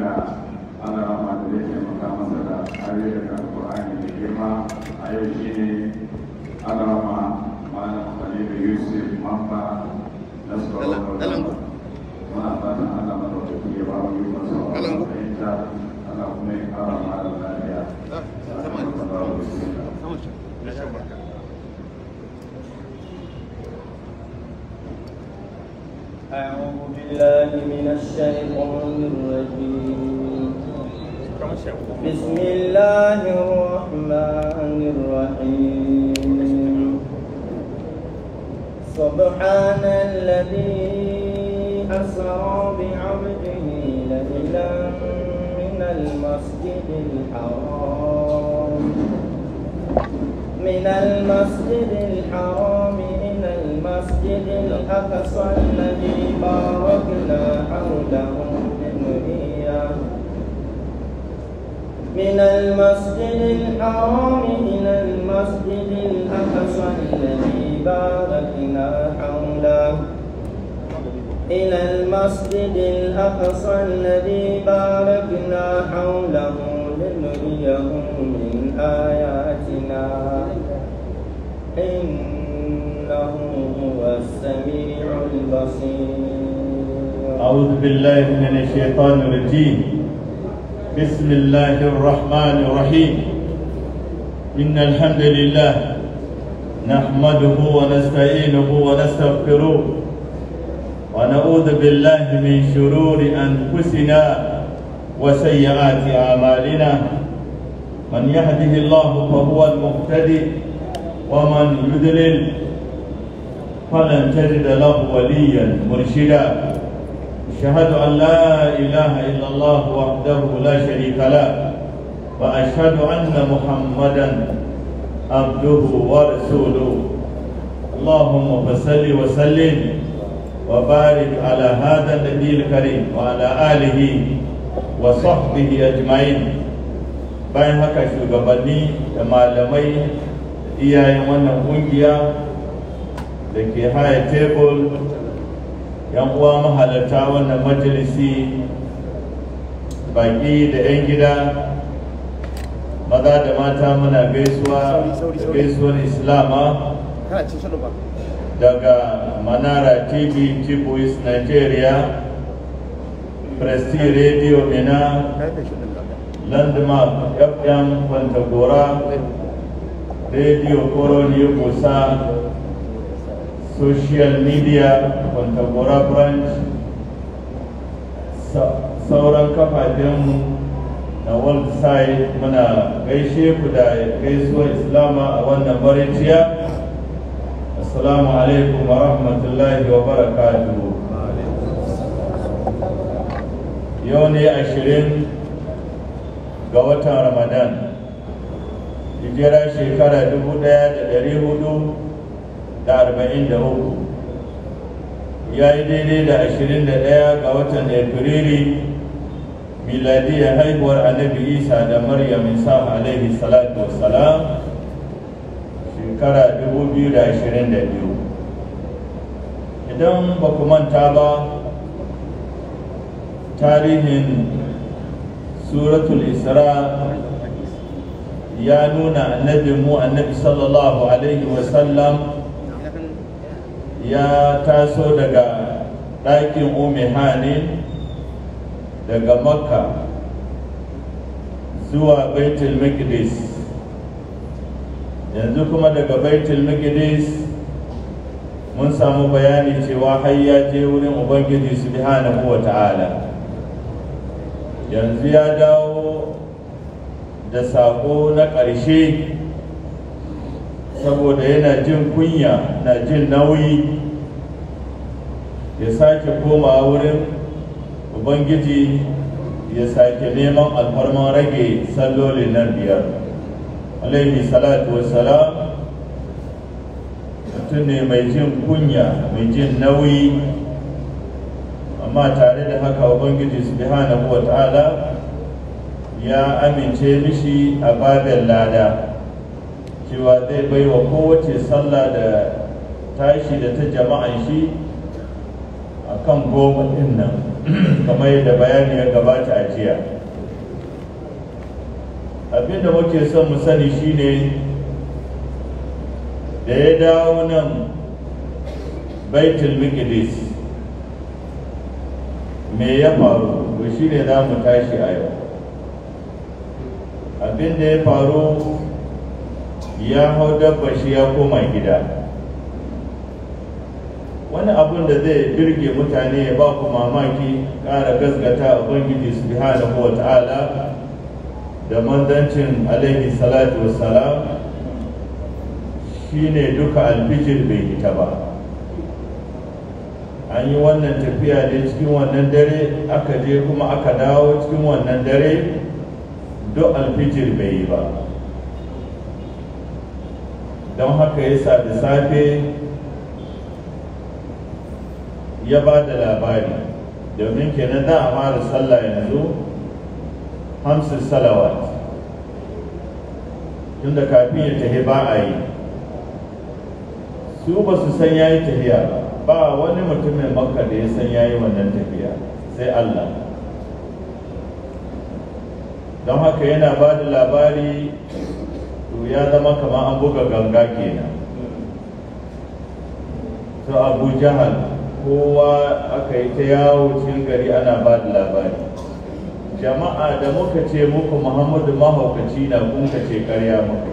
da ana rama da zai taimaka masa da ayoyi daga alkur'ani da girma a yau shine ana rama malam khalilu yusuf mamba na tsoron muna fatan ana mana wata kuke ba mu yi masa wa fahimta ana kuma yin kara malam lafiya. Sama أعوذ بالله من الشيطان الرجيم بسم الله الرحمن الرحيم سبحان الذي أسرى بعبده ليلا من المسجد الحرام من المسجد الحرام المسجد الأقصى الذي باركنا حوله لنريه من المسجد الحرام إلى المسجد الأقصى الذي باركنا حوله إلى المسجد الأقصى الذي باركنا حوله لنريه من آياتنا إن السميع البصير أعوذ بالله من الشيطان الرجيم بسم الله الرحمن الرحيم إن الحمد لله نحمده ونستعينه ونستغفره ونعوذ بالله من شرور أنفسنا وسيئات أعمالنا من يهده الله فهو المقتدي ومن يذلل فلن تجد له وليا مرشدا أشهد أن لا إله إلا الله وحده لا شريك له وأشهد أن محمدا عبده ورسوله اللهم فصل وسلم وبارك على هذا النبي الكريم وعلى آله وصحبه أجمعين bayan haka shugabanni da malamai iyayen wannan ƙungiya da ke haya tebul yan uwa mahalarta wannan majalisi baki da 'yan gida maza da mata muna gaisuwa gaisuwar islama daga manara tv kibois nigeria presti radio mina landmark fm kwantagora radio koroni kusa social media contemporary branch sauran kafafen na world side muna gaishe ku da gaisuwar islama a wannan bariciya assalamu alaikum wa rahmatullahi wa barakatuhu yau ne ashirin ga watan ramadan hijira shekara dubu ɗaya da ɗari hudu da arba'in da uku ya yi daidai da ashirin da ɗaya ga watan miladi miladiyar haihuwar annabi isa da maryam isa alaihi salatu wassalam shekara 2022 idan ba ku manta ba tarihin suratul isra ya nuna mu annabi sallallahu alaihi wasallam ya taso daga ɗakin umi hanin daga makka zuwa baitul maqdis yanzu kuma daga baitul maqdis mun samu bayani cewa har ya je wurin ubangiji subhanahu wa ta'ala yanzu ya dawo da sako na ƙarshe saboda yana jin kunya na jin nauyi ya sake koma wurin ubangiji ya sake neman alfarman rage sallolin nan biyar alaihi salatu wassalam mutum ne mai jin kunya mai jin nauyi amma tare da haka ubangiji subhanahu wa ta'ala ya amince mishi a babin lada cewa zai baiwa kowace sallah da tashi da ta jama'an shi akan goma ɗin nan kamar yadda bayani ya gabata a jiya abinda muke son mu sani shine da ya dawo nan baitul miqdis me ya faru to ne za mu tashi a yau abinda ya faru ya hau dabba shi ya koma gida wani abun da zai birge mutane ya ba ku mamaki ƙara gasgata biha da kowa ta'ala da mandancin alaihi salatu wassalam shine duka alfijir bai hita ba an yi wannan tafiya ne cikin wannan dare aka je kuma aka dawo cikin wannan dare duk alfijir bai yi ba don haka yasa da safe ya ba da labari domin kenan za a mara sallah yanzu hamsin salawat tunda kafin ya tahi ba a yi su ba su san yayi tafiya ba ba wani mutumin makka da ya san yayi wannan tafiya sai allah don haka yana ba da labari to ya zama kamar an buga ganga kenan su abu jahal kowa aka yi ta yawo cikin gari ana ba da labari jama'a da muka ce muku muhammadu mahaukaci na kun ce karya muku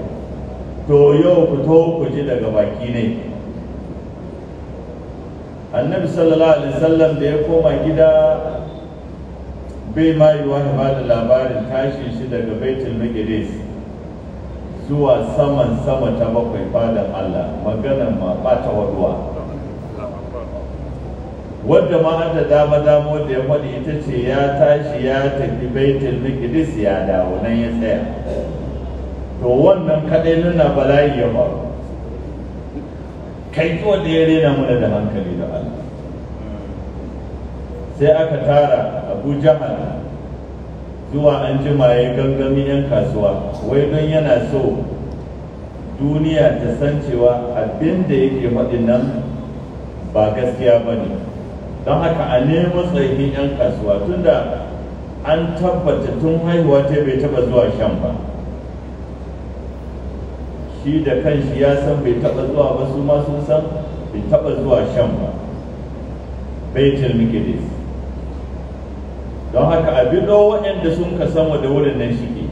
to yau ku to ku ji daga baki ne annabi sallallahu alaihi wasallam da ya koma gida bai mai wa ba da labarin tashin shi daga baitul maqdis zuwa saman sama ta bakwai fadan Allah maganar ma ba ta wadwa wadda ma an da dama dama wadda ya faɗi ita ce ya tashi ya tafi baitul miqdis ya dawo nan ya tsaya to wannan kadai nuna bala'i ya faru kai wanda ya rena mana da hankali da Allah sai aka tara Abu Jahal zuwa an jima ya gangami yan kasuwa wai don yana so duniya ta san cewa abin da yake faɗin nan ba gaskiya ba ne don haka a nemi tsayin 'yan kasuwa tunda an tabbata tun haihuwa ta bai taba zuwa shan ba shi da kan shi ya san bai taba zuwa ba su ma san bai taba zuwa shan ba baitul miqdis don haka a bido waɗanda sun ka sama da wurin nan shike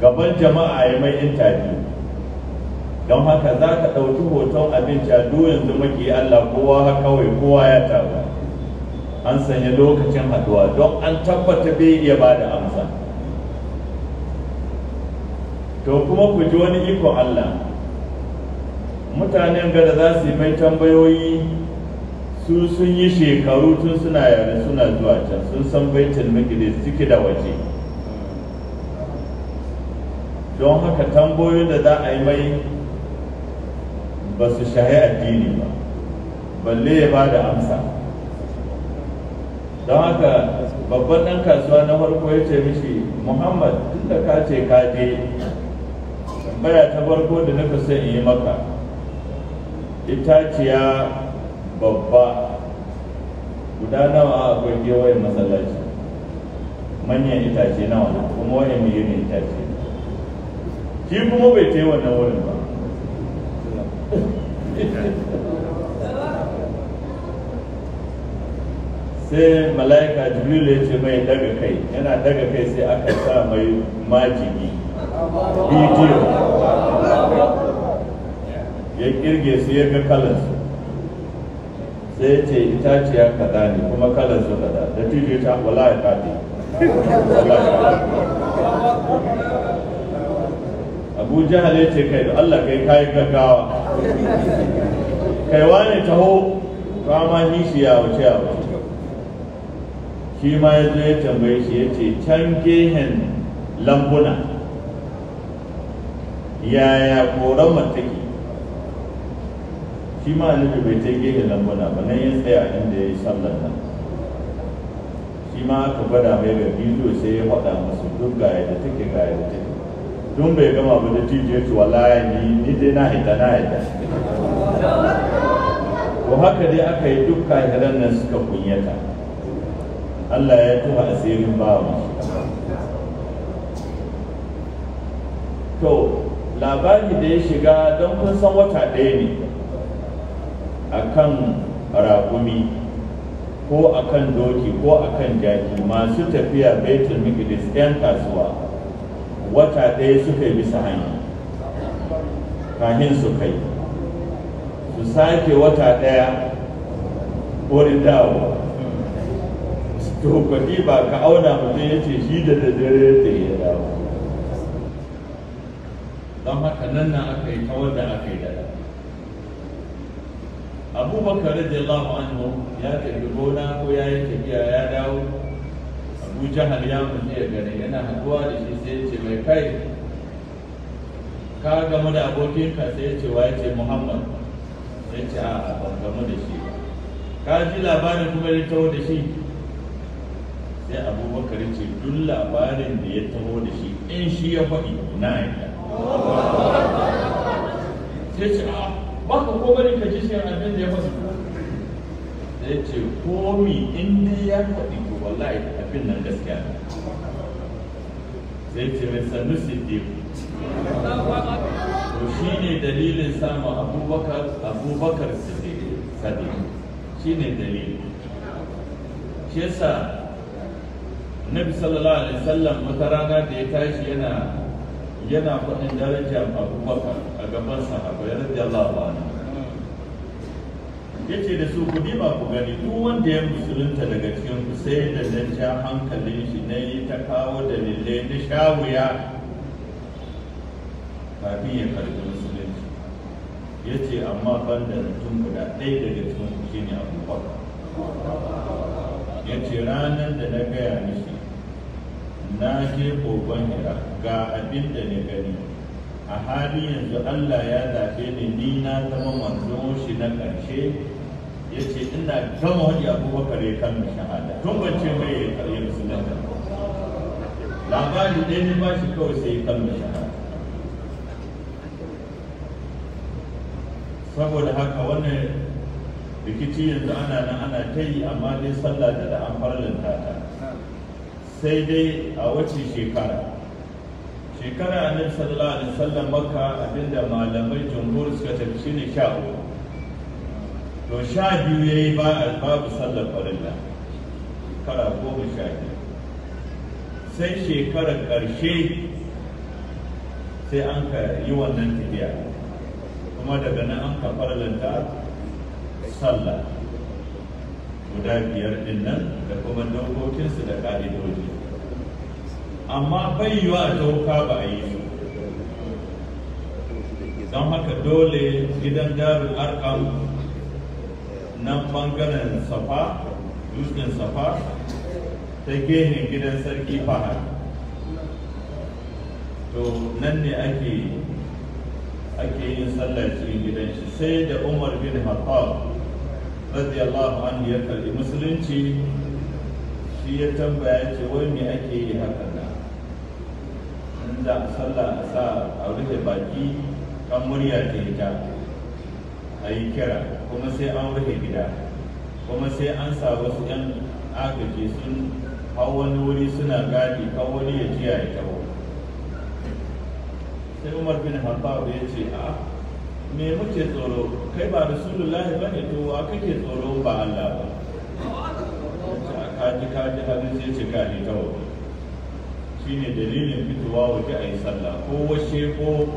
gaban jama'a ya mai intabiyu don haka za ka ɗauki hoton abinci a yanzu yi Allah kowa ha kawai kowa ya taru an sanya lokacin haɗuwa, don an tabbata bai iya ba da amsa to kuma ku ji wani ikon Allah mutanen gada za su yi mai tambayoyi su sun yi shekaru tun suna yare suna zuwa can sun san baitin maqdis ciki da waje don haka tambayoyin da za a yi mai ba su shahi addini ba balle ya ba da amsa don haka babban ɗan kasuwa na farko ya ce mishi muhammad tun da ka ce ka je tambaya ta farko da na son in yi maka itaciya babba guda nawa akwai kewayen masallaci manyan itace nawa kuma wani mai itace shi kuma bai ta yi wannan wurin ba sai mala'ika jibril ya ce mai daga kai yana daga kai sai aka sa mai majigi bidiyo ya kirge su ya ga kalansu sai ce itaciya kaza ne kuma kalansu kaza da tijo ta wala ya kati abu jihar ya ce kai da allah kai kayi gaggawa kai wani taho kama shi shi ya wuce a shi ma ya zo ya tambaye shi ya ce can gehen lambuna yaya koran mataki shi ma alibi bai ta gehen lambuna ba nan ya tsaya inda ya yi sallar nan shi ma aka gwada mai ga bizo sai ya faɗa masu duk gaya da take gaya da take don bai gama ba da tije ya ce ni ni dai na hita na hita Ko haka dai aka yi duk kafiran nan suka kunyata Allah ya tuha asirin babu. to labari da ya shiga don kun san wata ɗaya ne a kan raƙumi ko a kan doki ko a kan jaki masu tafiya baitul mikidis 'yan kasuwa wata ɗaya suka yi bisa hanya kahin su kai su sake wata ɗaya wurin dawo to kuɗi ba ka auna mutum ya ce shi da daddare da ya dawo don haka nan na aka yi ta wanda aka yi da abubakar radiyallahu anhu ya tafi gona ko ya yi tafiya ya dawo abu jahar ya mutu ya gani yana haduwa da shi sai ce mai kai ka gamu da abokinka sai ce wa ya ce muhammad sai ce a ban gamu da shi ka ji labarin kuma ya taho da shi sai abubakar ce duk labarin da ya taho da shi in shi ya faɗi na yadda sai ce a ba ka ko bari ka ji shi abin da ya faɗi sai ce komi in ya faɗi to wallahi bin nan gaskiya zai ce mai sannu siddiq to shi ne dalilin samun abubakar abubakar siddiq shi ne dalilin shi yasa nabi sallallahu alaihi wasallam wata rana da ya tashi yana yana faɗin darajar abubakar a gaban sahabbai radiyallahu anhu yace da su ku ba ku gani duk wanda ya musulunta daga cikin ku sai da na ja hankalin shi na yi ta kawo dalilai na shawuya kafin ya karbi musulunci ya ce amma ban da mutum guda ɗaya daga cikin ku ne abubakar ya ce ranar da na gaya mishi na je kogon hira ga abin da na gani a halin yanzu allah ya zaɓe ni ni na zama manzo shi na ƙarshe ya ce ina gama wani abubakar ya kan shahada tun ban ce mai ya karyar sunanta labari ɗaya ne ba shi kawai sai ya kalma shahada saboda haka wannan rikici yanzu ana nan ana ta yi amma dai sallah da an farlanta ta sai dai a wace shekara shekara annabi sallallahu alaihi wasallam makka abinda malamai jumhur suka tafi shine sha uku to sha biyu ya yi ba babu sallar farilla kara goma sha biyu sai shekarar ƙarshe sai an ka yi wannan tafiya kuma daga nan an ka farlanta sallah guda biyar din nan da kuma dokokinsu da ƙa'idoji amma bai yiwa dauka ba a yi su don haka dole gidan darul arkam nan bangaren safa dutsen safa ta gehen gidan sarki fahad to nan ne ake ake yin sallar cikin gidan shi sai da umar bin khattab radiyallahu anhu ya karbi musulunci shi ya tambaya ce wai me ake yi haka na in sallah a sa a rufe baki kan murya ta a yi kira kuma sai an rufe gida kuma sai an sa wasu 'yan agaji sun hau wani wuri suna gadi kan wani ya jiya ya taho sai umar bin hafaf ya ce a me muke tsoro kai ba rasulullahi ba ne to kake tsoro ba allah ba kaji kaji hannun sai ce gadi Shi ne dalilin fitowa waje a yi sallah ko washe ko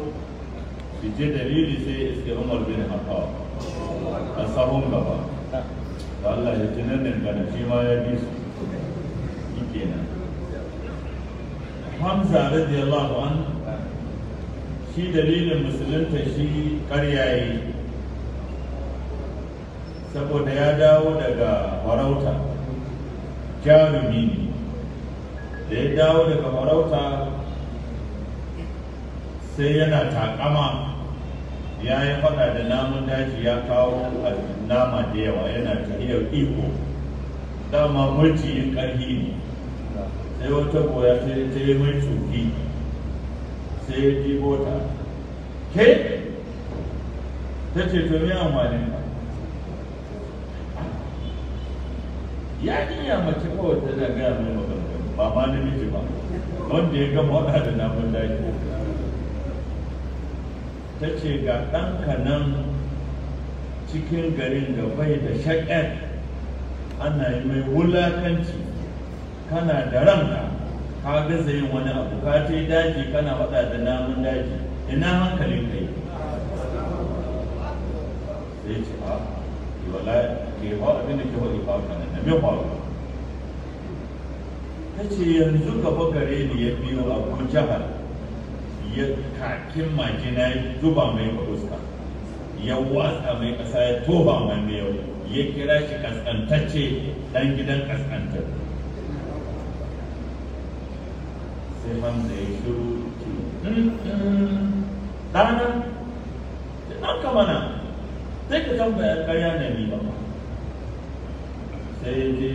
fije je dalili sai iske umar bin hafaf a sahun gaba da Allah ya tunan nan gana shi ma ya bi su shi Hamza radiyallahu an shi dalilin musulunta shi karyaye saboda ya dawo daga farauta jarumi ne da ya dawo daga farauta sai yana takama ya yi faɗa da namun daji ya kawo nama da yawa yana tahiyar iko dama maciyin ƙarfi ne sai wata goya ta yi mai tsoki sai ya ɗibo ta ke ta ce to yi amfani ba ya iya mace kawai ta zagaya mai maganganu ba ma namiji ba wanda ya gama waɗa da namun daji ta ce ga ɗanka nan cikin garin da bai da shaƙar ana yi mai wulakanci kana da ranka ka gaza yin wani abu ka ce daji kana faɗa da namun daji ina hankalin kai sai ce a ah, wala ke ba abin da ke faɗi ba kanan na mai faru ta ce yanzu gaba gare ni ya biyo abu jihar ya kafin makina ya zuba mai fuska ya watsa mai ƙasa ya toba mai miyau ya kira shi kaskantacce dan gidan kaskantar sai hamza ya shiru mm, mm, ɗana da ɗan mana? sai ka tambaya karya na ni ba sai ya je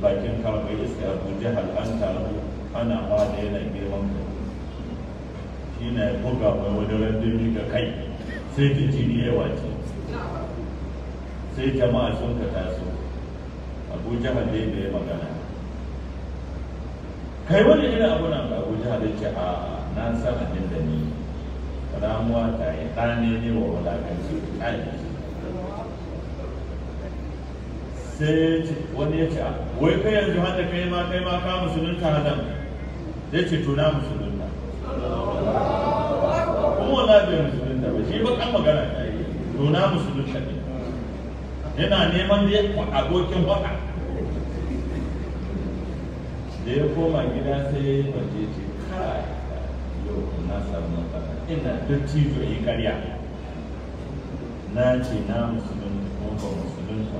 bakin kawai iska abu jihar an taru ana ba da yana girman kai yana buga mai wani randami ga kai sai ta jini yawa ce sai jama'a sun ka taso abu jihar da ya magana kai wani irin abu nan ga abu jihar ce a nan san abin da ni ramuwa ta yi ɗane ne wa wulakanci ɗane sai wani ya ce wai kai yanzu hada kai ma kai ma ka musulunta hadan Zai ce tuna musulunta ma bai musulunta ba shi bakan magana ta yi to na musulunta ne yana neman da abokin faɗa da ya koma gida sai ya yi mace ce kai yau na samu matsala ina dattijo yi karya na ce na musulunta ko ba musulunta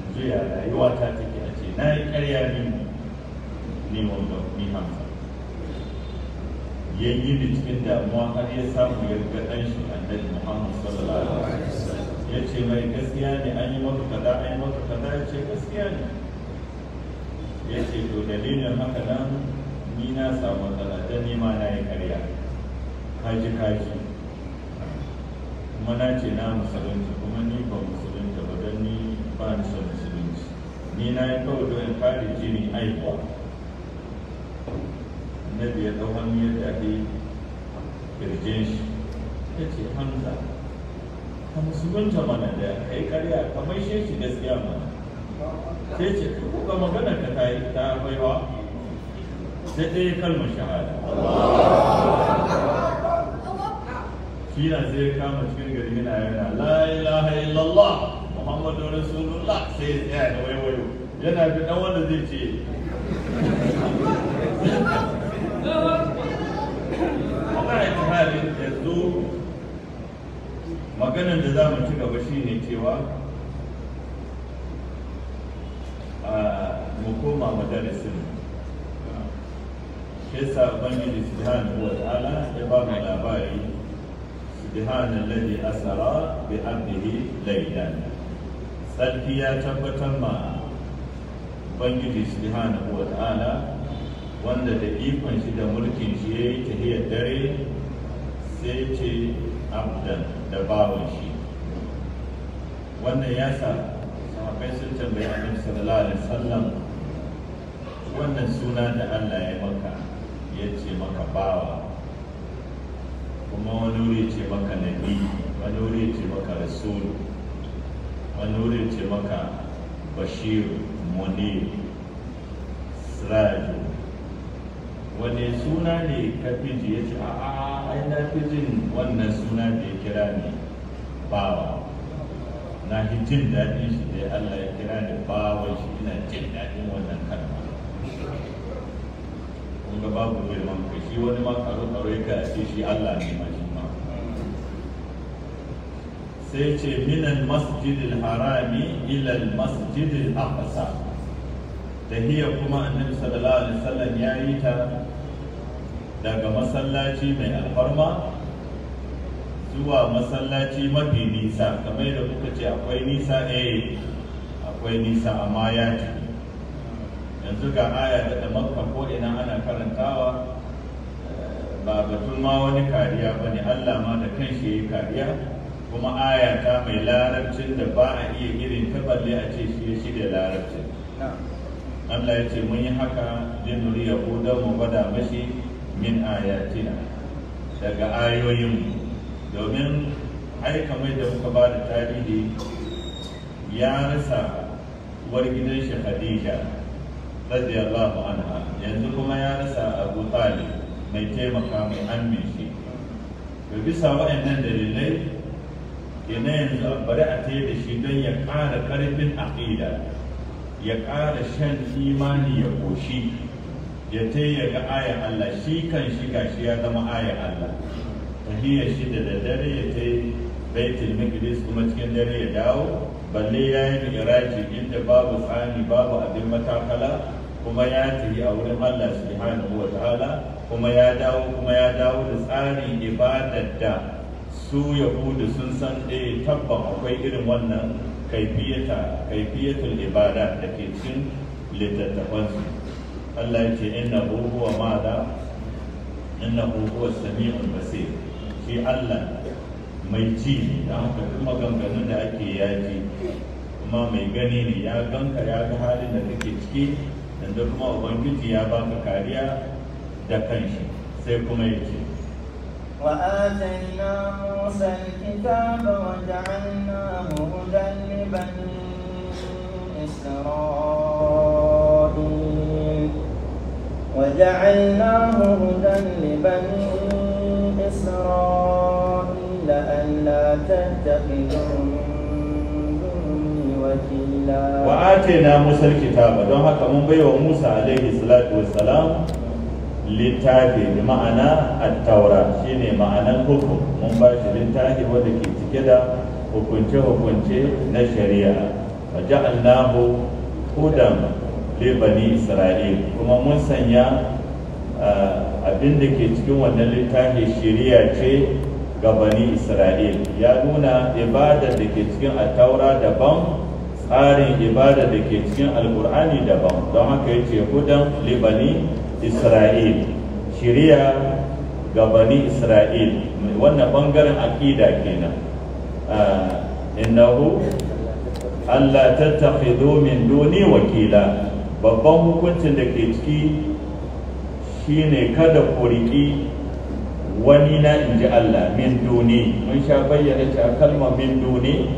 yanzu ya rayuwa ta take a ce na yi karya ne ne wanda ni hamsa ya yi ni cikin damuwa har ya samu yarda ɗan shi annabi Muhammad sallallahu alaihi wasallam ya ce mai gaskiya ne an yi maka kaza an yi maka kaza ya ce gaskiya ne ya ce to dalilin haka nan ni na samu matsala ta nema na yi karya kaji kaji kuma na ce na musulunci kuma ni ba musulunci ba don ni ba ni son musulunci ni na yi kawai don kare jini aihuwa annabi ya ɗau hannu yadda ake yi kirjin shi ta ce hamza ka musulunta mana da ka yi karya ka maishe shi gaskiya mana sai ce ka kuka magana ka ta yi ta baiwa Ta ɗaya kalmar shahada shi na sai ya kama cikin gari yana yana la ilaha illallah muhammadu rasulullah sai ya tsaya da waiwayo yana fi ɗan wanda zai ce maganan da za mu ci gaba shi ne cewa mu koma madarasin shi sa ubangiji subhanahu wa ta'ala ya ba mu labari subhana alladhi asara bi abdihi Laidan. sarki ya tabbatar ma ubangiji subhanahu wa ta'ala wanda da ikon shi da mulkin shi yayi tahiyar dare sai ce abdan da bawan shi wannan ya sa kai sun tambayi annabi sallallahu alaihi wasallam wannan suna da Allah ya maka ya ce maka bawa kuma wani wuri ce maka nabi wani wuri ce maka rasulu wani wuri ce maka bashiru munir siraju wane suna ne ka fiji ya ce a a ai na jin wannan suna da ya kira ni bawa na fi jin daɗin shi da Allah ya kira ni bawa shi ina jin daɗin wannan kalma kun ga babu girman ka shi wani ma karo karo ya ce shi Allah ne ma shi ma sai ce minan masjidil harami ilal masjidil aqsa da hiya kuma annabi sallallahu alaihi wasallam ya yi ta daga masallaci mai alfarma zuwa masallaci mafi nisa kamar da kuka ce akwai nisa eh akwai nisa amma ya ce yanzu ga aya da makka ko ina ana karantawa eh, ba batun ma wani kariya ba ne allah ma da kan shi ya kariya kuma ayata ta mai larabcin da ba a iya irin ta a ce shi ya shirya larabcin Allah ya ce mun yi haka linuri yahuda mu gwada mashi min ayatina daga ayoyin domin ai kamar da muka ba da tarihi ya rasa uwar gidan shi Khadija radiyallahu anha yanzu kuma ya rasa Abu Talib mai taimaka mai amin shi to bisa waɗannan dalilai Ina yanzu bari a taya da shi don ya ƙara ƙarfin aƙida ya ƙara shan imani ya ƙoshi ya ta ga aya Allah shi kan shi gashi ya zama aya Allah tahiyya shi da dare ya ta baitul maqdis kuma cikin dare ya dawo balle ya yi miraji inda babu tsani babu abin matakala kuma ya tafi a wurin Allah subhanahu wa ta'ala kuma ya dawo kuma ya dawo da tsarin ibadar da su yahudu sun san ɗaya eh, tabba akwai irin wannan kaifiyata kaifiyatul ibada da ke cikin littattafansu Allah ya ce inna huwa ma'ada inna huwa sami'ul basir shi Allah mai ji da haka duk maganganun da ake yaji kuma mai gani ne ya ganka ya ga halin da kake ciki yanzu kuma ubangiji ya baka kariya da kanshi sai kuma ya ce وآتينا موسى الكتاب وجعلناه هدى لبني إسرائيل وجعلناه هدى لبني إسرائيل ألا تتخذوا وآتينا موسى الكتاب دون هكا من بيو موسى عليه الصلاة والسلام littafi da ma'ana attaura shine ma'anan hukum mun ba shi littafi wanda ke cike da hukunce-hukunce na shari'a wa ja'alnahu hudan li bani isra'il kuma mun sanya abin da ke cikin wannan littafi shari'a ce ga bani isra'il ya nuna ibada da ke cikin attaura daban tsarin ibada da ke cikin alkur'ani daban don haka yace hudan libani isra'il shiriya ga bani isra'il wannan bangaren aƙida kenan ah, innahu allah tattakhidhu min duni wakila babban hukuncin da ke ciki shine kada ku riki wani na inji ji Allah min duni mun sha bayyana ta kalmar min duni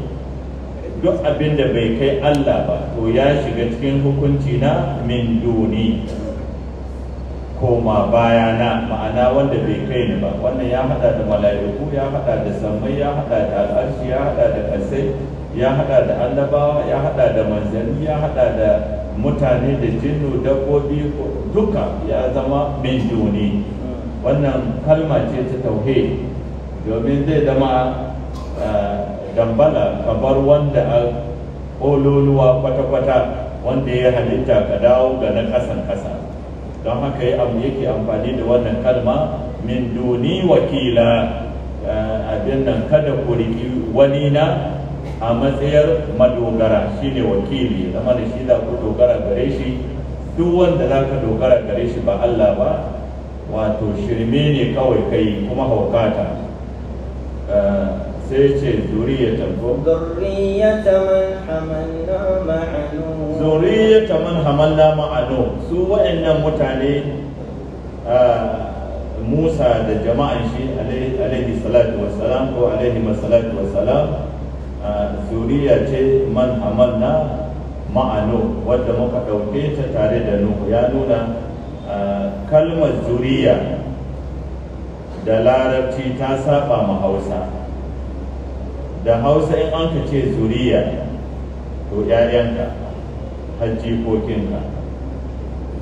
duk abin da bai kai Allah ba to ya shiga cikin hukunci na min duni koma baya na ma'ana wanda bai kai ni ba wannan ya hada da mala'iku ya hada da sammai ya hada da al'arshi ya hada da kasai ya hada da annabawa ya hada da manzanni ya hada da mutane da jinnu dabbobi duka ya zama min duni wannan kalma ce ta tauhe domin zai zama dambala kamar wanda a ololuwa kwata-kwata wanda ya halitta ka dawo ga na kasan kasa. don haka yi abu yake amfani da wannan kalma min duni wakila eh, abin nan kada ku riƙi wani na a matsayar madogara shine wakili zama da shi za ku dogara gare shi duk wanda za ka dogara gare shi ba Allah ba wato shirme ne kawai kai kuma haukata eh, sai ce zuriyatan ko zuriyatan man hamalna zuriyata man na ma'ano su waɗannan mutane Musa da jama'an shi alaihi salatu wassalam ko alaihi masalatu wassalam zuriya ce man na ma'ano wadda muka ɗauke ta tare da Nuhu ya nuna kalmar zuriya da larabci ta saba ma hausa da hausa in an ka ce zuriya to 'ya'yanka har jikokinka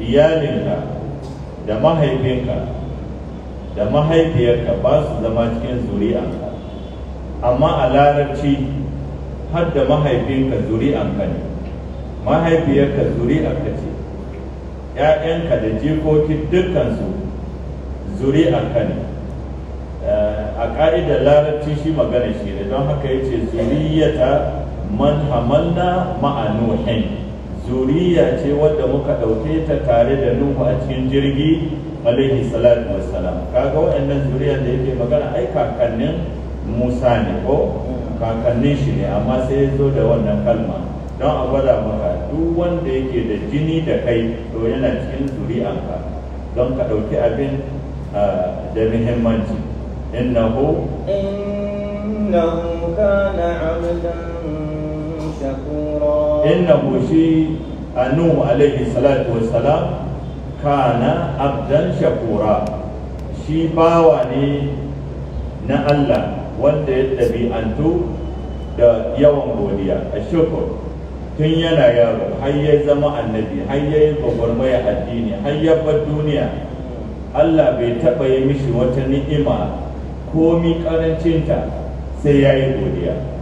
iyalinka da mahaifinka da mahaifiyarka ba su zama cikin zuri'anka amma a larabci har da mahaifinka zuri'anka ne mahaifiyarka zuri'anka ce ‘ya'yanka da jikokin dukkansu zuri'anka ne eh, a ƙa'idar larabci shi magana shi ne don haka ya ce zuriyata man ma'anuhin zuriya ce wadda muka ɗauke ta tare da nuhu a cikin jirgi alaihi salatu wassalam kaga waɗannan zuriya da yake magana ai kakannin musa ne ko kakannin shi ne amma sai ya zo da wannan kalma don a gwada maka duk wanda yake da jini da kai to yana cikin zuri'anka don ka ɗauki abin da muhimmanci innahu innahu kana abdan shakura innahu shi nuhu alaihi salatu wassalam kana abdan shakura shi bawa ne na Allah wanda ya ɗabi'antu da yawan godiya a shukur tun yana yaro har ya zama annabi har ya yi gwagwarmaya addini har ya duniya Allah bai taɓa yi mishi wata ni'ima ko mi ƙarancinta sai ya yi godiya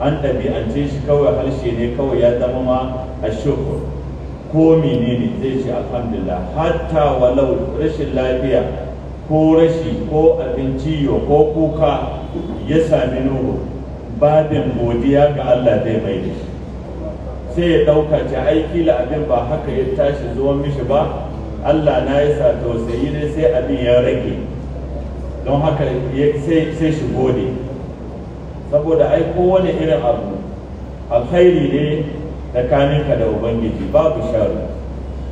an ɗabi'ance shi kawai harshe ne kawai ya zama ma a shukur ko ne zai ce alhamdulillah hatta walau rashin lafiya ko rashi ko abinci ko kuka ya sami nuhu babin godiya ga Allah zai mai da shi sai ya ɗauka ce aiki la abin ba haka ya tashi zuwa mishi ba Allah na ya sa tausayi ne sai abin ya rage don haka sai shi gode saboda ai kowane irin abu alkhairi ne tsakaninka da ubangiji babu sharu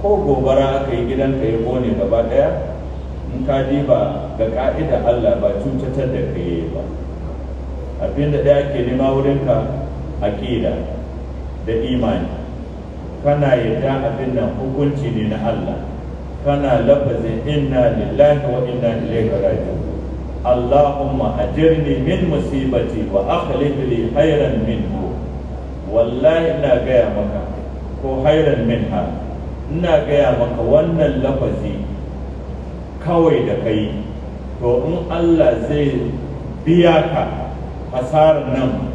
ko gobara aka yi gidan ka ya kone gaba daya in ka ba, ga ka'ida Allah ba cutatar da ka yi ba Abin da ɗaya ke wurin ka aƙida da imani kana yadda abin nan hukunci ne na Allah kana lafazin inna lillahi wa inna ilaihi raji'un Allahumma ajirni min musibati wa akhlif li khairan minhu wallahi ina gaya maka ko khairan minha ina gaya maka wannan lafazi kawai da kai to in Allah zai biya ka hasarar nan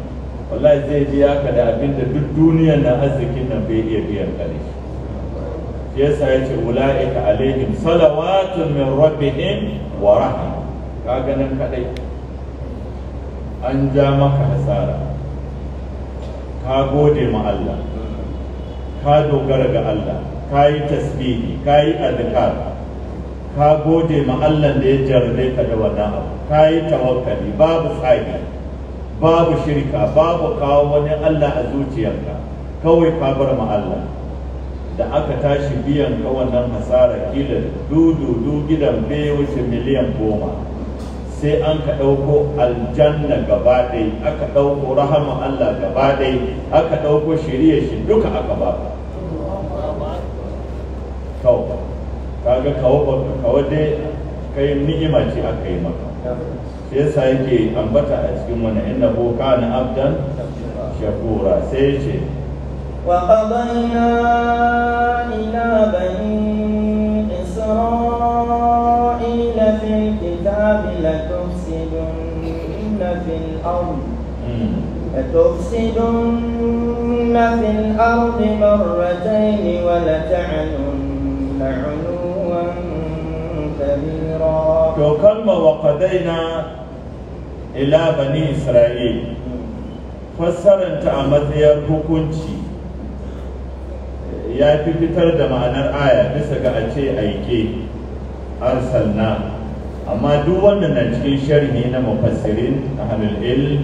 wallahi zai biya ka da abinda duk duniyar na arzikin nan bai iya biyan ka da shi yasa yace ulaika alaihim salawatun min rabbihim wa rahmah ka ganin kadai an ja maka hasara ka gode ma Allah ka dogara ga Allah ka yi tasbihi ka yi adhkar ka gode ma Allah da ya jarre ka da wannan abu ka yi tawakkali babu tsagi babu shirka babu kawo wani Allah a zuciyarka kawai ka bar ma Allah da aka tashi biyan ka wannan hasara kila dudu du gidan bai miliyan goma sai an ka ɗauko aljanna gaba ɗaya aka ɗauko rahama Allah gaba ɗaya aka ɗauko shirya shi duka aka ba kawo kaga kawo kawo dai kai ni'ima ce aka yi maka sai sa yake ambata a cikin wani inda ko na abdan shakura sai ya ce wa ila bani إسرائيل في الكتاب لتفسدن في الأرض لتفسدن في الأرض مرتين ولتعلن علوا كبيرا كما وقدينا إلى بني إسرائيل فسرنت أمثير حكمتي ya fi fitar da ma'anar aya bisa ga a ce aike arsalna amma duk wannan na cikin sharhi na mufassirin ahlul ilm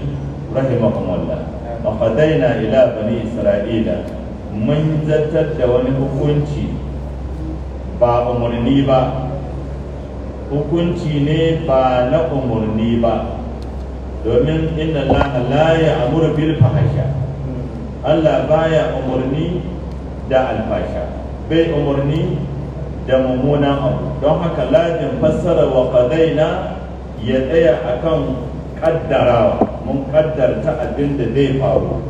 rahimahumullah na ila bani isra'ila mun zartar da wani hukunci ba umarni ba hukunci ne ba na umarni ba domin inna allaha ya ya'muru bil fahsha Allah baya umarni da alfasha bai umarni da mummunan abu don haka lajin fassara wa qadaina ya tsaya akan kaddarawa mun kaddarta abin da zai faru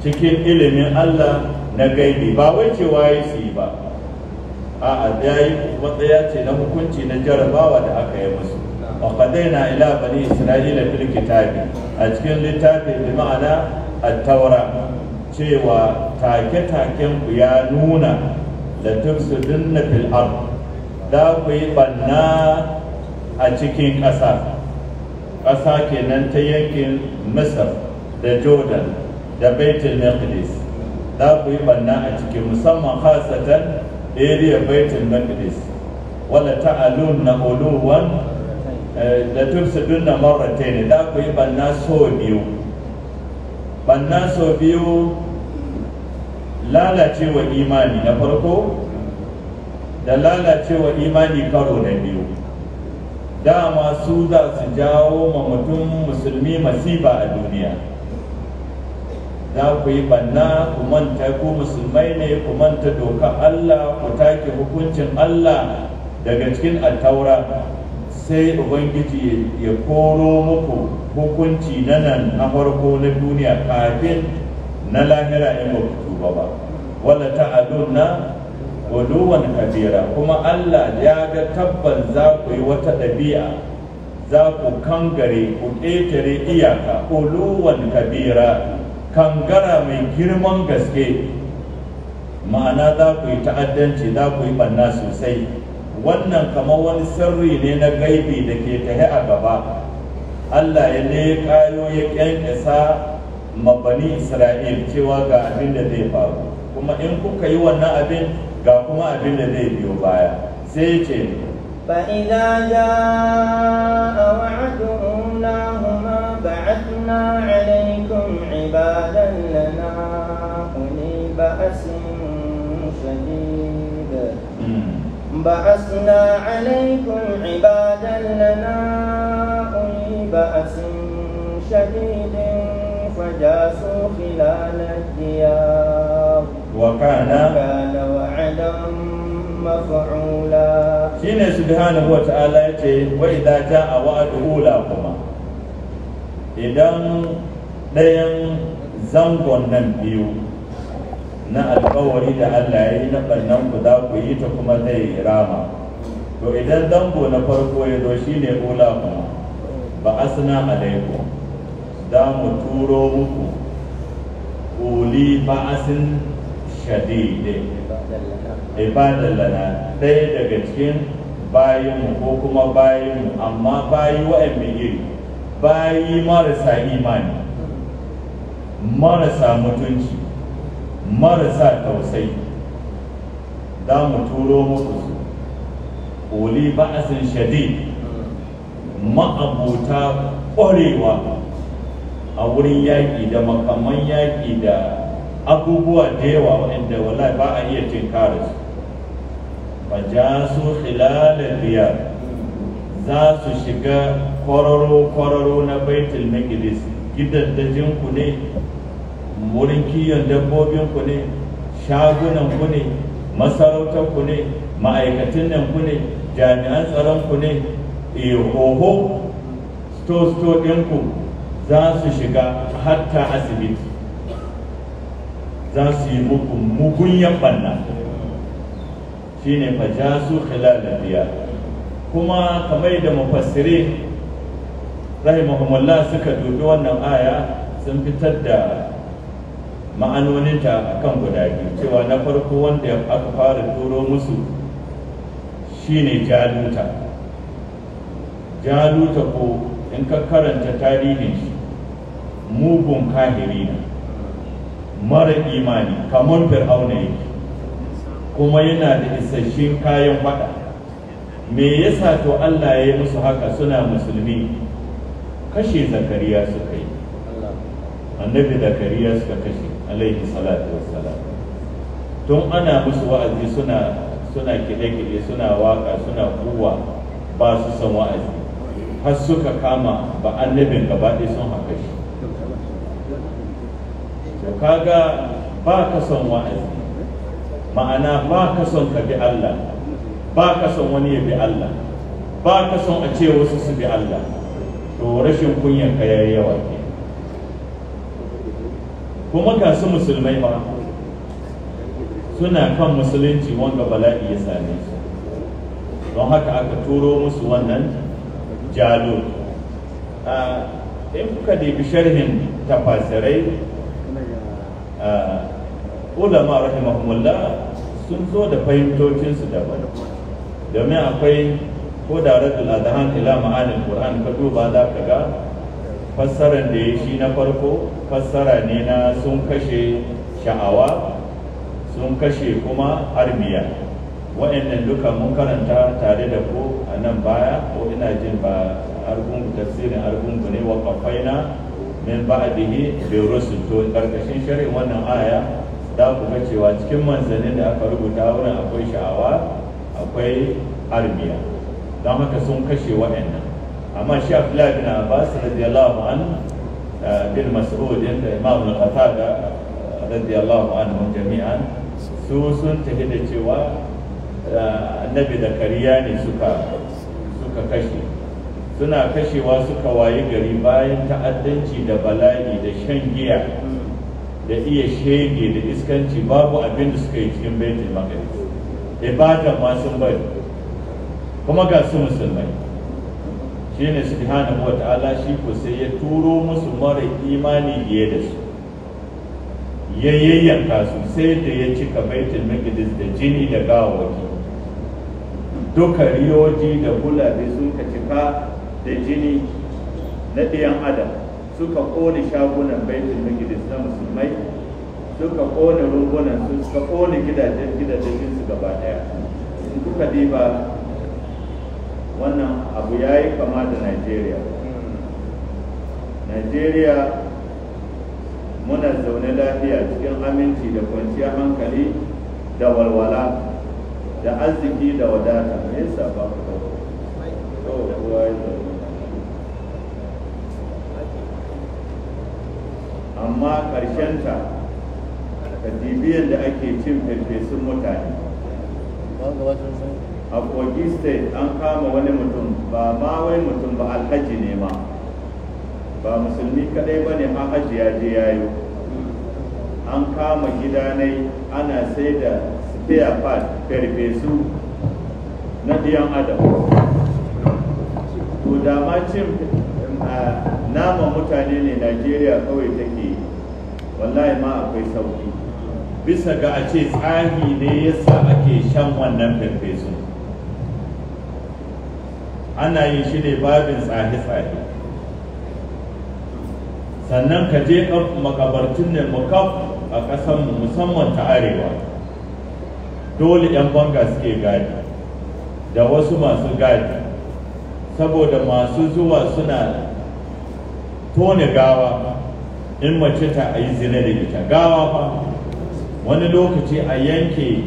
cikin ilimin Allah na gaibi ba wai cewa ya su yi ba a yi matsaya ce na hukunci na jarabawa da aka yi musu wa qadaina ila bani isra'ila fil kitabi a cikin littafin da ma'ana at cewa take-taken ku ya nuna da tufsidin na fil'ar da ku yi banna a cikin ƙasa ƙasa kenan ta yankin misir da jordan da baitul maqdis da ku yi banna a cikin musamman hasatan area baitul maqdis wala ta'alun na uluwan da eh, tufsidin na marrata ne za ku yi banna so biyu banna sau biyu lalacewa imani na farko da lalacewa imani karo na biyu dama su za su jawo ma mutum musulmi masifa a duniya za ku yi banna ku manta ku musulmai ne ku manta doka Allah ku take hukuncin Allah daga cikin altaura sai ubangiji ya koro muku hukunci na nan na farko na duniya kafin na lahira in ba ku tuba ba wala ta'adunna waduwan kabira kuma Allah ya ga tabban za ku yi wata ɗabi'a za ku kangare ku ƙetare iyaka uluwan kabira kangara mai girman gaske ma'ana za ku yi ta'addanci za ku yi banna sosai wannan kamar wani sirri ne na gaibi da ke tahe a gaba Allah ya ne kayo ya kyankisa mabani Isra'il cewa ga abin da zai faru kuma in kuka yi wannan abin ga kuma abin da zai biyo baya sai ya ce فإذا جاء وعد أولاهما بعثنا عليكم عبادا لنا أولي بأس شديد بعثنا عليكم عبادا لنا أولي بأس شديد فجاسوا خلال الديار وكان وكان وعدا مفعولا شين سبحانه وتعالى وإذا جاء وعد أولاكما إذا ɗayan zangon nan biyu na alkawari da Allah ya yi na ɓannan ku za ku yi ta kuma zai rama to idan zango na farko ya zo shi ne ula kuma ba asna alaikum za mu turo muku uli ba'asin da ibadan lana ɗaya daga cikin mu ko kuma mu amma bayi wa'anne iri bayi marasa imani marasa mutunci marasa tausayi za mu turo muku su a ba'asin shadid ma'abuta ƙwarewa a wurin yaƙi da makaman yaƙi da abubuwa da yawa waɗanda wala ba a iya tinkara su ba ja su hilalar biyar za su shiga kwararo-kwararo na baitul maqdis gidaddajinku ne wurin kiyon dabbobin ku ne shagunan ku ne masarautar ne ma'aikatan nan ku ne jami'an tsaron ku ne eh, oho sto-sto ɗinku za su shiga hatta asibiti za su yi muku mugun nan. shi ne fajasu khilalabiya kuma kamar da mufassire rahimahumullah suka dubi wannan aya sun fitar da ma'anoninta akan guda biyu cewa na farko wanda aka fara turo musu shine jaluta jaluta ko in ka karanta tarihin shi mugun kahiri ne mara imani kamar fir'auna yake kuma yana da isasshen kayan faɗa me yasa to Allah ya yi musu haka suna musulmi kashe zakariya suka yi annabi zakariya suka kashe alaihi salatu wassalam tun ana musu wa'azi suna suna kide-kide suna waka suna kuwa ba su son wa'azi har suka kama ba annabin gaba ɗaya sun haka shi to kaga ba ka son wa'azi ma'ana ba ka son ka bi Allah ba ka son wani ya bi Allah ba ka son a ce wasu su bi Allah to rashin kunyan ka yayi yawa kuma ka su musulmai ba suna kan musulunci wanga bala'i ya same su don haka aka turo musu wannan jalo ah, in kuka debi sharhin tafasirai ah, ulama rahimahumullah sun zo da fahimtocinsu daban domin akwai ko da radul adhan ila ma'anin qur'an ka duba za ka ga fassarar da ya shi na farko fassara ne na sun kashe sha'awa sun kashe kuma harbiya waɗannan duka mun karanta tare da ku a nan baya ko ina jin ba argun tafsirin argun ne wa kafaina min ba'dihi bi rusul to karkashin shari'in wannan aya da ku ga cewa cikin manzannin da aka rubuta wurin akwai sha'awa akwai armiya don haka sun kashe waɗannan amma shi abdullahi bin abbas radiyallahu an eh, bin mas'ud da imam al-qatada eh, radiyallahu anhu jami'an su sun tafi da cewa eh, annabi da kariya ne suka suka kashe suna kashewa suka wayi gari bayan ta'addanci da bala'i da shan giya da iya shege da iskanci babu abin da suka yi cikin baitul maqdis ibada ma sun bari kuma ga su musulmai shi ne subhanahu wa ala shi ko sai ya turo musu mara imani biye da su ya yayyanka su sai da ya cika baitul maqdis da jini da gawawaki duka riyoji da gulabe sun ka cika da jini na ɗiyan adam suka ƙone shagunan baitul maqdis na musulmai suka ƙone rumbunan su suka ƙone gidajen gidajen su gaba ɗaya in kuka diba wannan abu ya yi kama da nigeria nigeria muna zaune lafiya cikin aminci da kwanciyar hankali da walwala da arziki da wadata me yasa ba ku amma ƙarshenta ka dibiyan da ake cin farfesun mutane a kogi state an kama wani mutum ba ma wai mutum ba alhaji ne ma ba musulmi kadai ba ne ma ya je yayo an kama gida ne ana sai da spare part farfesu na diyan adam to da ma cin nama mutane ne najeriya kawai take wallahi ma akwai sauki bisa ga a ce tsahi ne yasa ake shan wannan farfesu ana yin shi ne babin tsaye-tsaye sannan ka je makabartun ne makab a mu musamman ta arewa dole 'yan banga suke gadi da wasu masu gadi saboda masu zuwa suna tone gawa in mace ta a yi zina da ita gawa ba wani lokaci a yanke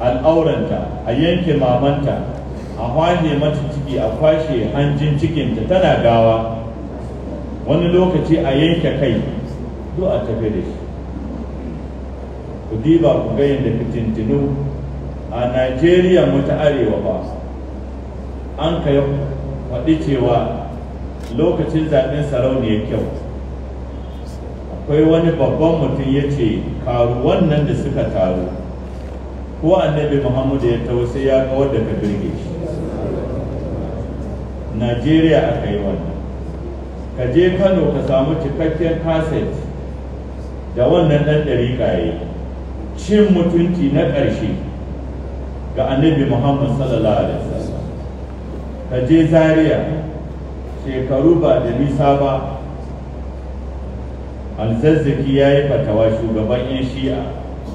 al'auranta a yanke mamanta a hwaje mata ciki a kwashe hanjin cikinta tana gawa wani lokaci a yanke kai zo a tafi da shi ku diba ku ga yadda fitintinu a najeriya mu arewa ba an ka faɗi cewa lokacin zaɓen sarauniyar kyau akwai wani babban mutum ya ce karu wannan da suka taru ko annabi muhammadu ya taho ya ga wadda ka birge shi najeriya aka yi wannan ka je kano ka samu cikakken kaset da wannan ɗan ɗariƙa cin mutunci na ƙarshe ga annabi muhammad sallallahu alaihi wasallam ka je zaria shekaru ba da nisa ba alzazzaki ya yi fatawa shugaban 'yan shi'a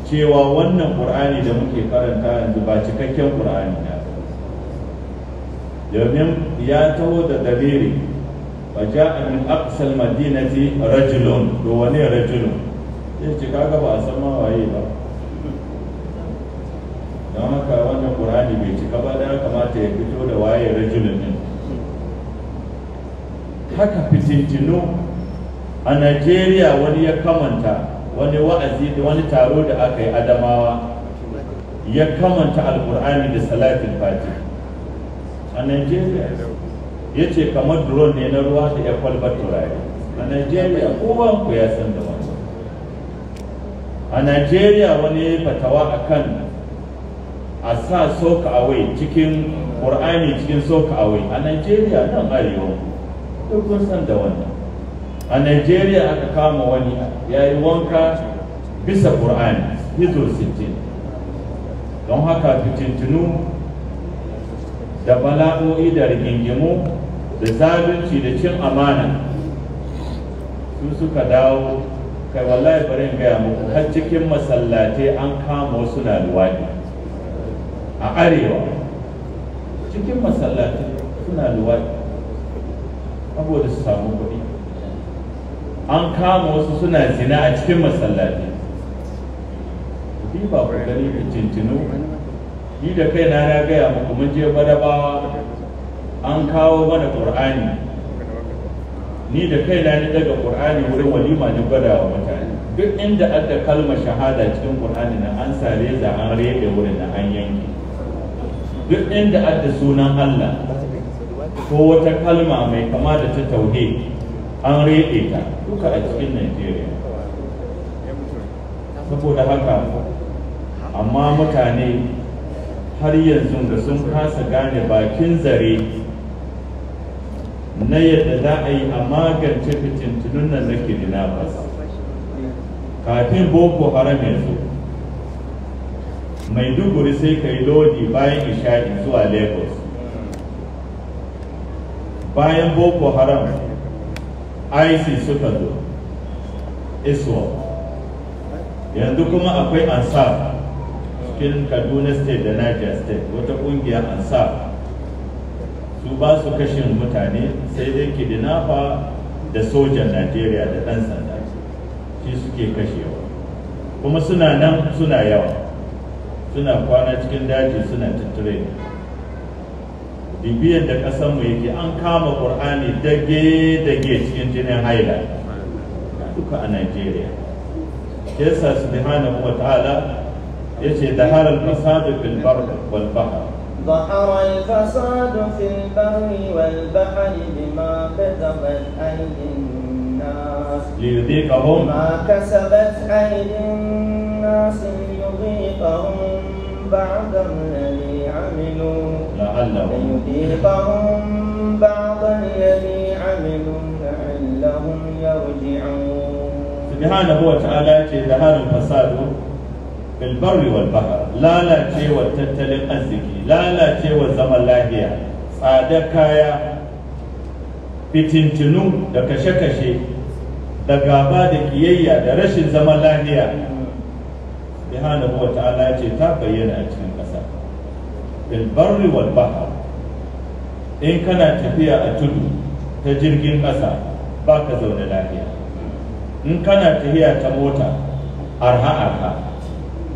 cewa wannan ƙur'ani da muke karanta yanzu ba cikakken ƙur'ani na domin ya taho da dalili fa a min aqsal madinati rajulun to wani rajulun ya ce kaga ba a san ma waye ba don haka wannan qur'ani bai cika ba da kamata ya fito da waye rajulun din haka fitintinu a najeriya wani ya kamanta wani wa'azi da wani taro da aka yi adamawa ya kamanta alkur'ani da salatin fati a nigeria ya ce kamar drone ne na ruwa da ya kwalbar turai a nigeria kowa ku ya san da wani a nigeria wani fatawa a kan a sa soka away cikin ƙur'ani cikin soka away a nigeria nan arewa duk san da wani. a nigeria aka kama wani ya yi wanka bisa ƙur'ani hizo sittin don haka fitintinu da bala'o'i da rigingimu da zalunci da cin amana su suka dawo kai wallahi bari in gaya muku har cikin masallatai an kama wasu na luwaɗi a arewa cikin masallatai suna luwaɗi saboda su samu kuɗi an kama wasu suna zina a cikin masallatai ba ku gani da ni da kaina na gaya muku mun je madabawa an kawo mana ƙur'ani ni da kaina ni daga ƙur'ani wurin walima ni gwada wa mutane duk inda adda kalma shahada cikin ƙur'ani na an sare za an rebe wurin na an yanke duk inda adda sunan Allah ko wata kalma mai kama da ta tauhe an rebe ta duka a cikin Najeriya saboda haka amma mutane har yanzu da sun kasa gane bakin zare na yadda za a yi a magance fitintunun nan na kidnappers kafin boko haram yanzu Mai duguri sai ka yi lodi bayan isha'i zuwa lagos bayan boko haram aisi suka zo iswa yanzu kuma akwai ansar cikin kaduna state da niger state wata ƙungiyar ansa su ba su kashin mutane sai dai kidinafa da sojan najeriya da ɗan sanda shi suke kashewa kuma suna nan suna yawa suna kwana cikin daji suna tattare bibiyar da ƙasanmu yake an kama ƙur'ani dage-dage cikin jinin haila duka a najeriya yasa subhanahu wa ta'ala يجي ظهر الفساد في البر والبحر ظهر الفساد في البر والبحر بما كسبت أيدي الناس ليذيقهم ما كسبت أيدي الناس ليذيقهم بعض الذي عملوا لعلهم ليذيقهم بعض الذي عملوا لعلهم يرجعون سبحانه وتعالى يجي ظهر الفساد bilbarri wal lalacewar tattalin arziki lalacewar zaman lafiya tsadar kaya fitintinu da kashe-kashe da gaba da kiyayya da rashin zaman lafiya subhanahu wa ta'ala ya ce ta bayyana a cikin ƙasa bilbarri wal baha, in kana tafiya a tudu ta jirgin ƙasa ba ka zaune lafiya in kana tafiya ta mota arha arha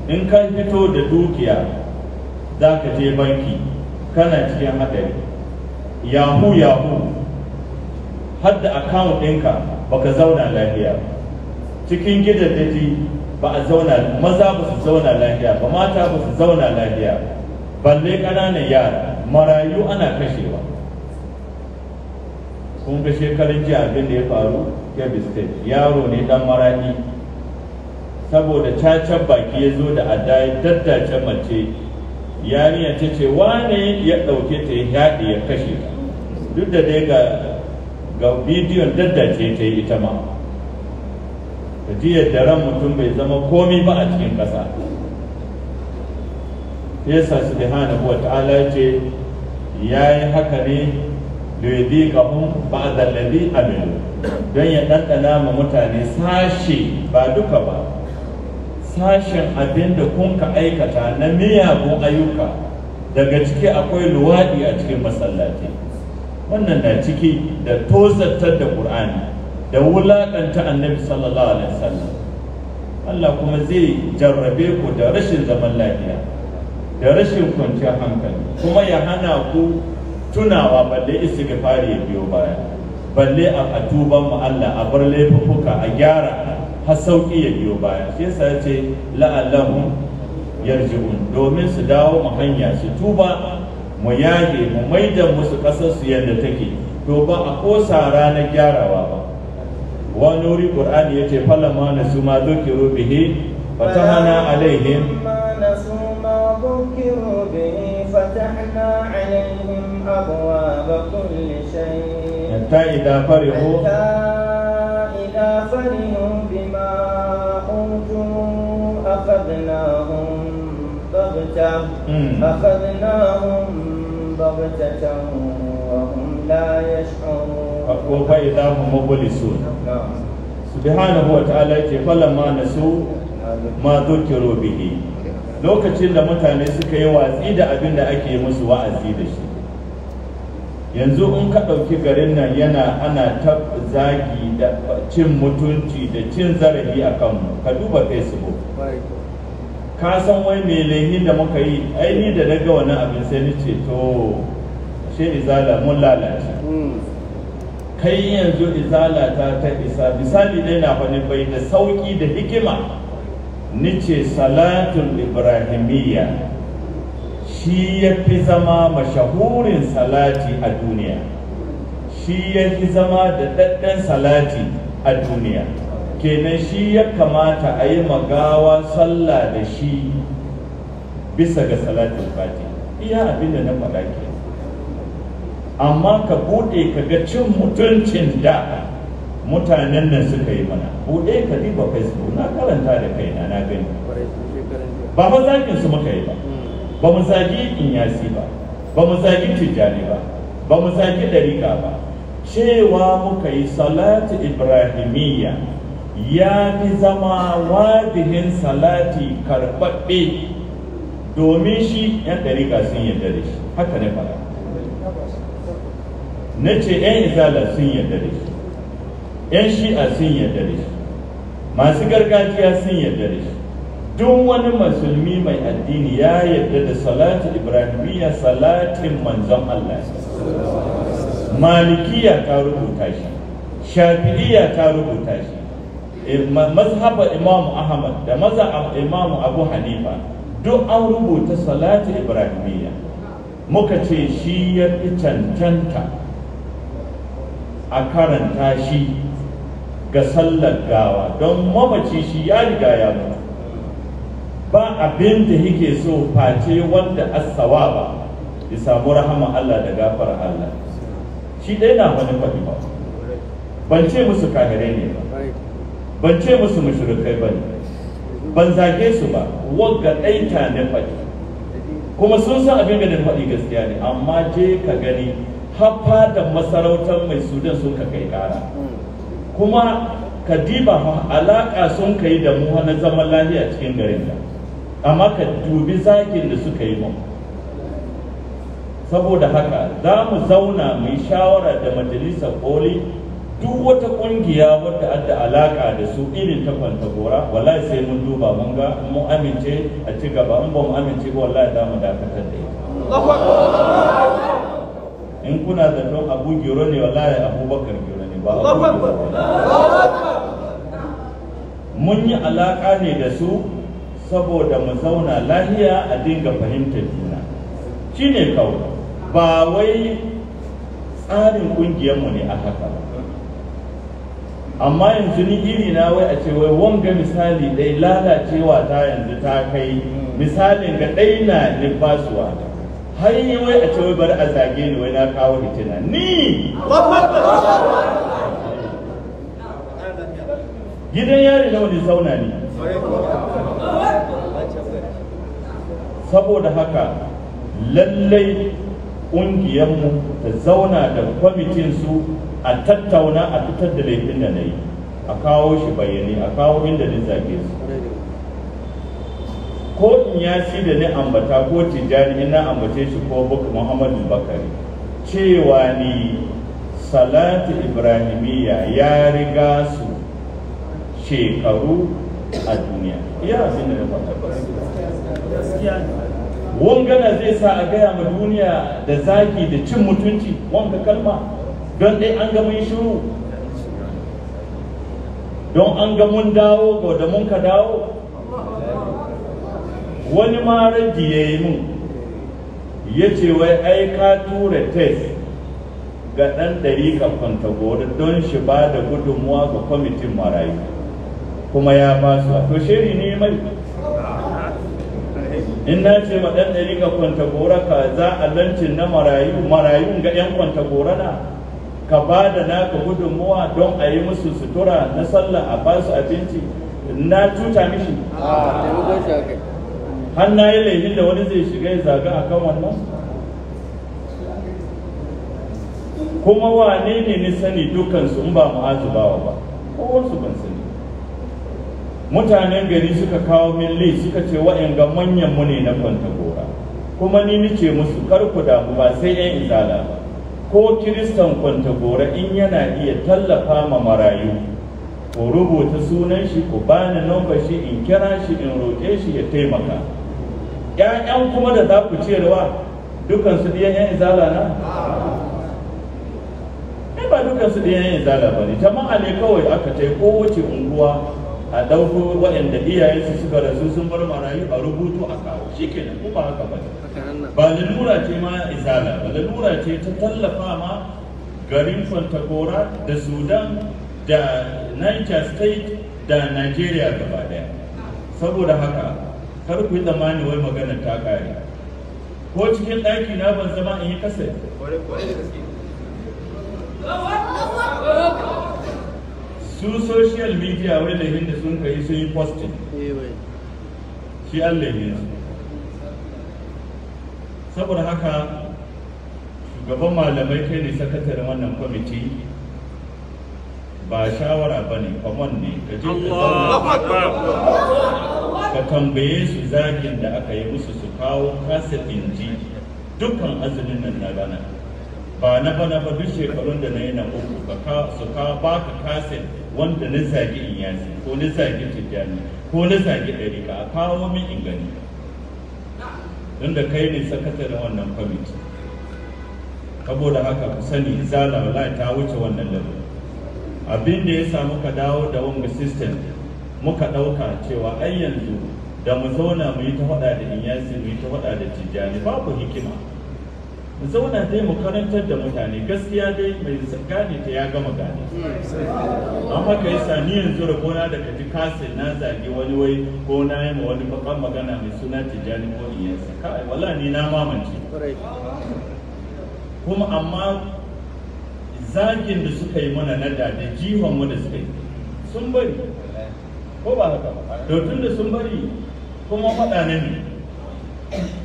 in ka fito da dukiya za ka je banki kana cikin haɗari yahu yahu har da akawun ɗinka ba ka zauna lafiya cikin gidan daji ba a zauna maza ba su zauna lafiya ba mata ba su zauna lafiya balle ƙananan yara marayu ana kashewa kun ga shekarun jiya abin da ya faru kebbi state yaro ne dan maraɗi saboda cacan baki ya zo da adda ya daddace mace yarinya ta ce wane ya ɗauke ta ya yaɗe ya kashe ta duk da dai ga ga bidiyon daddace ta yi ita ma ta ji yadda ran mutum bai zama komi ba a cikin ƙasa yasa hana wa ta'ala ce ya yi haka ne liyudhiqahum ba'da alladhi amilu don ya ɗanɗana ma mutane sashe ba duka ba sashen abin da kun ka aikata na miyagun ayyuka daga ciki akwai luwaɗi a cikin masallaci wannan na ciki da tozartar da ƙur'ani da wulaƙanta annabi sallallahu alaihi wasallam Allah kuma zai jarrabe ku da rashin zaman lafiya da rashin kwanciyar hankali kuma ya hana ku tunawa balle fari ya biyo baya balle a tuban mu Allah a bar laifuffuka a gyara har sauki ya biyo baya shi yasa ya ce la'allahum yarji'un domin su dawo mu hanya su tuba mu yage mu maida musu kasar su yadda take to ba a kosa ranar gyarawa ba wani wuri qur'ani yace falama na su ma zukiru bihi fatahana alaihim فتحنا عليهم أبواب كل شيء حتى Hmm. أخذناهم بغتة وهم لا يشعرون وإذا هم مبلسون subhanahu wa ta'ala yake falamma nasu ma lokacin da mutane suka yi watsi da abin da ake musu wa'azi da shi yanzu in ka ɗauki garin nan yana ana ta zagi da cin mutunci da cin zarafi a kanmu ka duba facebook ka san wai mai laihi da muka yi ai ni da daga wani abin sai ni ce to she izala mun lalace hmm. kai yanzu izala ta ta isa misali dai na wani bai da sauki da hikima ni ce salatul ibrahimiyya shi ya fi zama mashahurin salati a duniya shi ya fi zama da daddan salati a duniya kenan shi ya kamata a yi magawa sallah da shi bisa ga salatin fati iya abinda na faɗa ke amma ka buɗe ka ga cin mutuncin da mutanen nan suka yi mana buɗe ka diba facebook na karanta da kaina na gani ba fa su muka yi ba ba mu zagi inyasi ba ba mu zagi tijjani ba ba mu zagi dariƙa ba cewa muka yi salatu ibrahimiyya ya fi zama wajihin salati karɓaɓɓe domin shi yan ɗariƙa sun yarda da shi haka ne fara na ce yan izala sun yarda da shi yan shi'a sun yarda da shi masu gargajiya sun yarda da shi duk wani musulmi mai addini ya yarda da salati ibrahimiyya salatin manzon Allah malikiya ta rubuta shi shafi'iyya ta rubuta shi mazhabar imamu ahmad da mazhabar imamu abu hanifa duk an rubuta salati ibrahimiyya muka ce shi ya fi cancanta a karanta shi ga sallar gawa don mamaci shi ya riga ya mutu ba abin da yake so face wanda asawa ba ya samu rahama Allah da gafar Allah shi ɗaya na wani faɗi ban ce musu kagare ne ba ban ce musu mushrikai ba ban zage su ba wagga ɗaita na faɗi kuma sun san abin da na faɗi gaskiya ne amma je ka gani haffa da masarautar mai sudan sun ka kai ƙara kuma ka diba alaƙa sun kai da mu na zaman lafiya cikin garin da amma ka dubi zagin da suka yi mu saboda haka za mu zauna mu shawara da majalisar koli duk wata kungiya wadda adda alaka da su irin ta kwanta gora wallahi sai mun duba mun ga mu amince a ci gaba in ba mu amince ba wallahi za mu dakatar da ita in kuna don abu giro ne wallahi abubakar giro ne ba mun yi alaka ne da su saboda mu zauna lahiya a dinga fahimtar juna shine kawai ba wai tsarin kungiyarmu ne a haka ba amma yanzu ni iri na wai a ce wai wanga misali dai lalacewa ta yanzu ta kai misalin ga ɗai na ni har yi wai a ce wai bari a zage ni wai na kawo hitina ni gidan yari na wani sauna ne saboda haka lallai ƙungiyarmu ta zauna da kwamitin su a tattauna a fitar da laifin da na yi a kawo shi bayyane a kawo inda ni zage su ko in ya shi da ni ambata ko tijani ina ambace shi ko buk muhammadu bakari cewa ni salatu ibrahimiyya ya riga su shekaru a duniya iya abin da na faɗa wangana zai sa a gaya ma duniya da zaki da cin mutunci wanga kalma don dai an ga mun shiru don an ga mun dawo ga da mun ka dawo wani ma raddi ya yi mun ya ce wai ai ka tura test ga ɗan ɗari ɗariƙar kwantagoro don shi ba da gudunmuwa ga kwamitin marayu kuma ya ba su to shiri ne mai in na ce ma ɗan ɗari ɗariƙar kwantagoro ka za a lancin na marayu marayun ga 'yan kwantagoro na ka ba da naka gudunmuwa don a yi musu sutura na sallah a ba su abinci na tuta mishi ah, har ya laifi da wani zai shiga ya zaga a kan wannan kuma wane ne ni sani dukansu in ba mu'azu wa ba kowarsu ban sani mutanen gari suka kawo min lee suka ce wa'yanga manyan mu ne na kwanta gora kuma ni nice musu karku damu ba sai 'yan izala ba ko kiristan kwantagora in yana iya tallafa ma marayu ko rubuta sunan shi ko bani nomba shi in kira shi in roƙe shi ya taimaka ƴaƴan kuma da za ku cewa dukan su ɗiyan ƴan izala na ne ba dukan su ɗiyan ƴan izala ba ne jama'a ne kawai aka tai kowace unguwa a ɗauko waɗanda iyayensu suka rasu sun bar marayu a rubutu a kawo shi kenan kuma haka ba ne ba lalura ce ma ya izala ba lalura ce ta tallafa ma garin Kwantagora da Sudan da Niger State da Nigeria gaba daya saboda haka kar ku yi tsammani wai magana ta kare ko cikin ɗaki na ban zama in yi kasa su social media wai lahin da sun kai sun yi posting eh, shi Allah ne saboda haka shugaban malamai kai ne sakataren wannan kwamiti ba shawara ba ne kwamon ne ka je ka tambaye su zagin da aka yi musu su kawo kasafin ji dukkan azumin nan na rana ba na bana ba duk shekarun da na yi na uku su kawo ba ka kasa wanda na zagi in yasi ko na zagi tijjani ko na zagi ɗari ka kawo min in gani don da kai ne sakataren wannan kwamiti saboda haka ku sani izala wala ta wuce wannan level abin da ya sa ka dawo da wanga system muka ɗauka cewa ai yanzu da mu zauna mu yi ta faɗa da inyasi mu yi ta faɗa da tijjani babu hikima zauna dai mu karantar da mutane gaskiya dai mai gane ta ya gama gane amma ka yi sani yanzu da kona da kaji kasa na zagi wani wai ko na yi ma wani bakan magana mai suna tijjani ko iyansa kai wala ni na mamance kuma amma zagin da suka yi mana na da da jihon mu da suka yi sun bari ko ba haka ba da sun bari kuma faɗa ne ne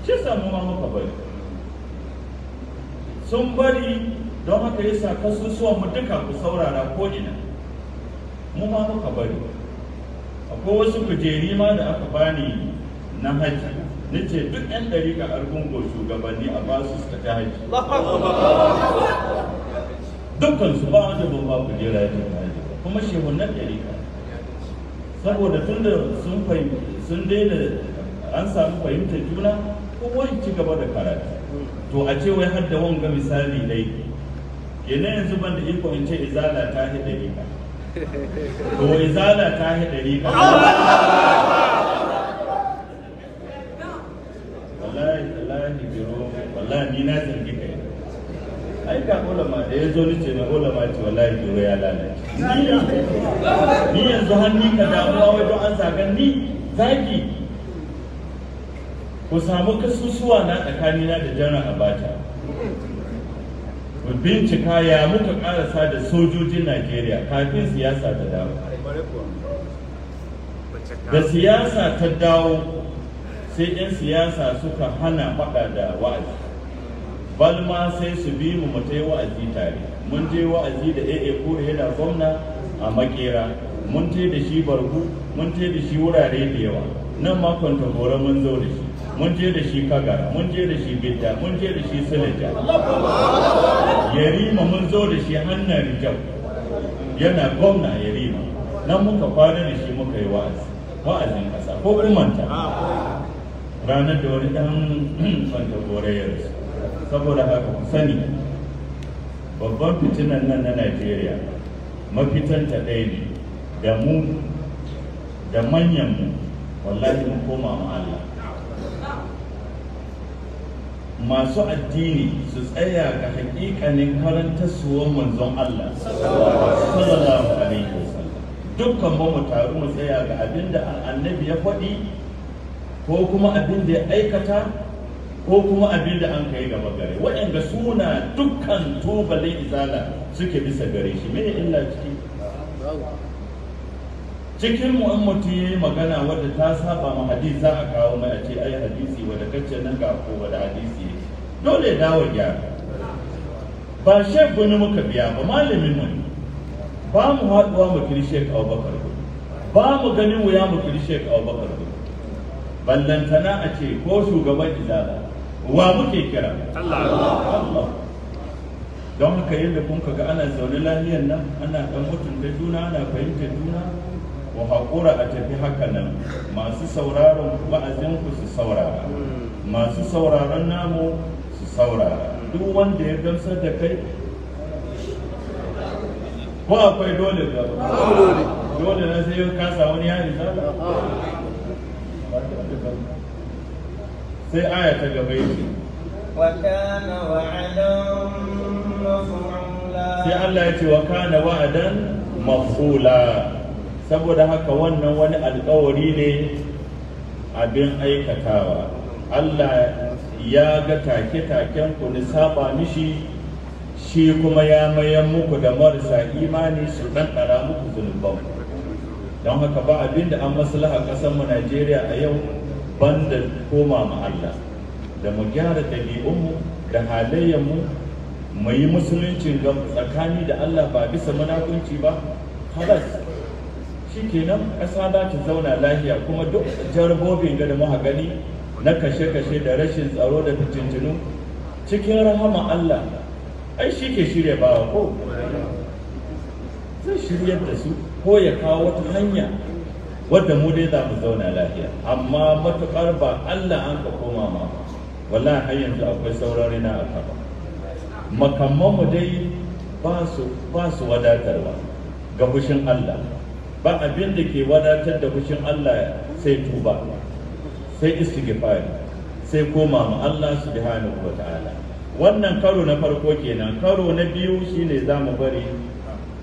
ce samu ma muka bari sun bari don haka ya sa kasusuwan mu duka ku saurara ko ina mu ma muka bari akwai wasu kujeri ma da aka bani na haji na ce duk yan ɗari ga argungo shugabanni a ba su ta haji dukkan su ba wanda ban ba kujera ya ta haji kuma shehunan ɗari ka saboda tun da sun daina an samu fahimtar juna kuma ci gaba da karatu to a ce wai har da wanga misali ne kenan yanzu ban da iko in ce izala ta hi dariƙa to izala ta hi dariƙa wallahi wallahi biro wallahi ni na zargi kai ai ga ulama da ya zo ni ce mai ulama ce wallahi biro ya lalace ni yanzu hannu ka damuwa wajen an zagan ni zaki ku samu kasusuwa na tsakanina da jana a bata bincika ya muka karasa da sojojin najeriya kafin siyasa ta dawo da siyasa ta dawo sai 'yan siyasa suka hana faɗa da wa'azi balma sai su bi mu mutai yi wa'azi tare mun je wa'azi da AA ko yana gwamna a makera mun te da shi bargu mun tai da shi wurare da yawa nan makon ta mun zo da shi mun je da shi kagara mun je da shi bidda mun je da shi silija yarima mun zo da shi hannun rijau yana gwamna yarima nan muka fara da shi muka yi wa'azi wa'azin kasa ko kumanta ranar da wani dan kwanta gore ya rasu saboda haka ku sani babban fitinan nan na najeriya mafitan ta ɗaya ne da mu da manyan mu wallahi mu koma mu Allah masu addini su tsaya ga hakikanin suwan manzon Allah sallallahu alaihi wasallam dukkan mu mu taru mu tsaya ga abin da annabi ya faɗi ko kuma abin ya aikata ko kuma abin an kai gaba gare waɗanda suna dukkan tubalin izala suke bisa gare shi mene illa ciki cikin mu ya yi magana wadda ta saba ma hadisi za a kawo mai a ce ai hadisi wadda nan ga ko wadda hadisi dole ya dawo gyara ba shek wani muka biya ba malamin mu ba mu haɗuwa mu kiri shek Abubakar ba mu ganin wuya mu kiri shek ba ballantana a ce ko shugaban izala wa muke kira Allah don haka yadda kun ga ana zaune lafiyar nan ana mutum mutunta juna ana fahimtar juna Wa haƙura a tafi hakanan masu sauraron wa'azinku su saurara masu sauraron namu su saurara duk wanda ya gamsar da kai ko akwai dole ba dole na sai yau kasa wani yari za sai aya ta gaba yake sai Allah ya ce wa kana wa'adan mafula saboda haka wannan wani alkawari ne abin aikatawa Allah ya ga take-taken ku ni saba mishi shi kuma ya mayan muku da marasa imani su ɗanɗara muku zunuban don haka ba abin da an maslaha mu Najeriya a yau banda koma ma Allah da mu gyara ɗabi'unmu da halayyarmu mu yi musuluncin tsakani da Allah ba bisa munafunci ba halas shikenan ƙasa za ta zauna lafiya kuma duk jarbobin da muka gani na kashe-kashe da rashin tsaro da fitintinu cikin rahama Allah ai shi ke shirya bawa ko zai shiryar da su ko ya kawo wata hanya wadda mu dai za mu zauna lafiya amma matuƙar ba Allah an ka koma ma wallahi har yanzu akwai saurari na akaba makamman mu dai ba su wadatarwa ga fushin Allah ba abin da ke wadatar da fushin Allah sai tuba sai istighfar sai koma ma Allah subhanahu wa ta'ala wannan karo na farko kenan karo na biyu shine zamu bari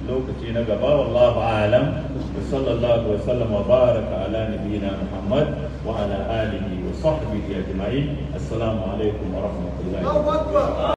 lokaci na gaba wallahu alam sallallahu wa sallam wa baraka ala nabiyyina muhammad wa ala alihi wa sahbihi ajma'in assalamu alaikum wa rahmatullahi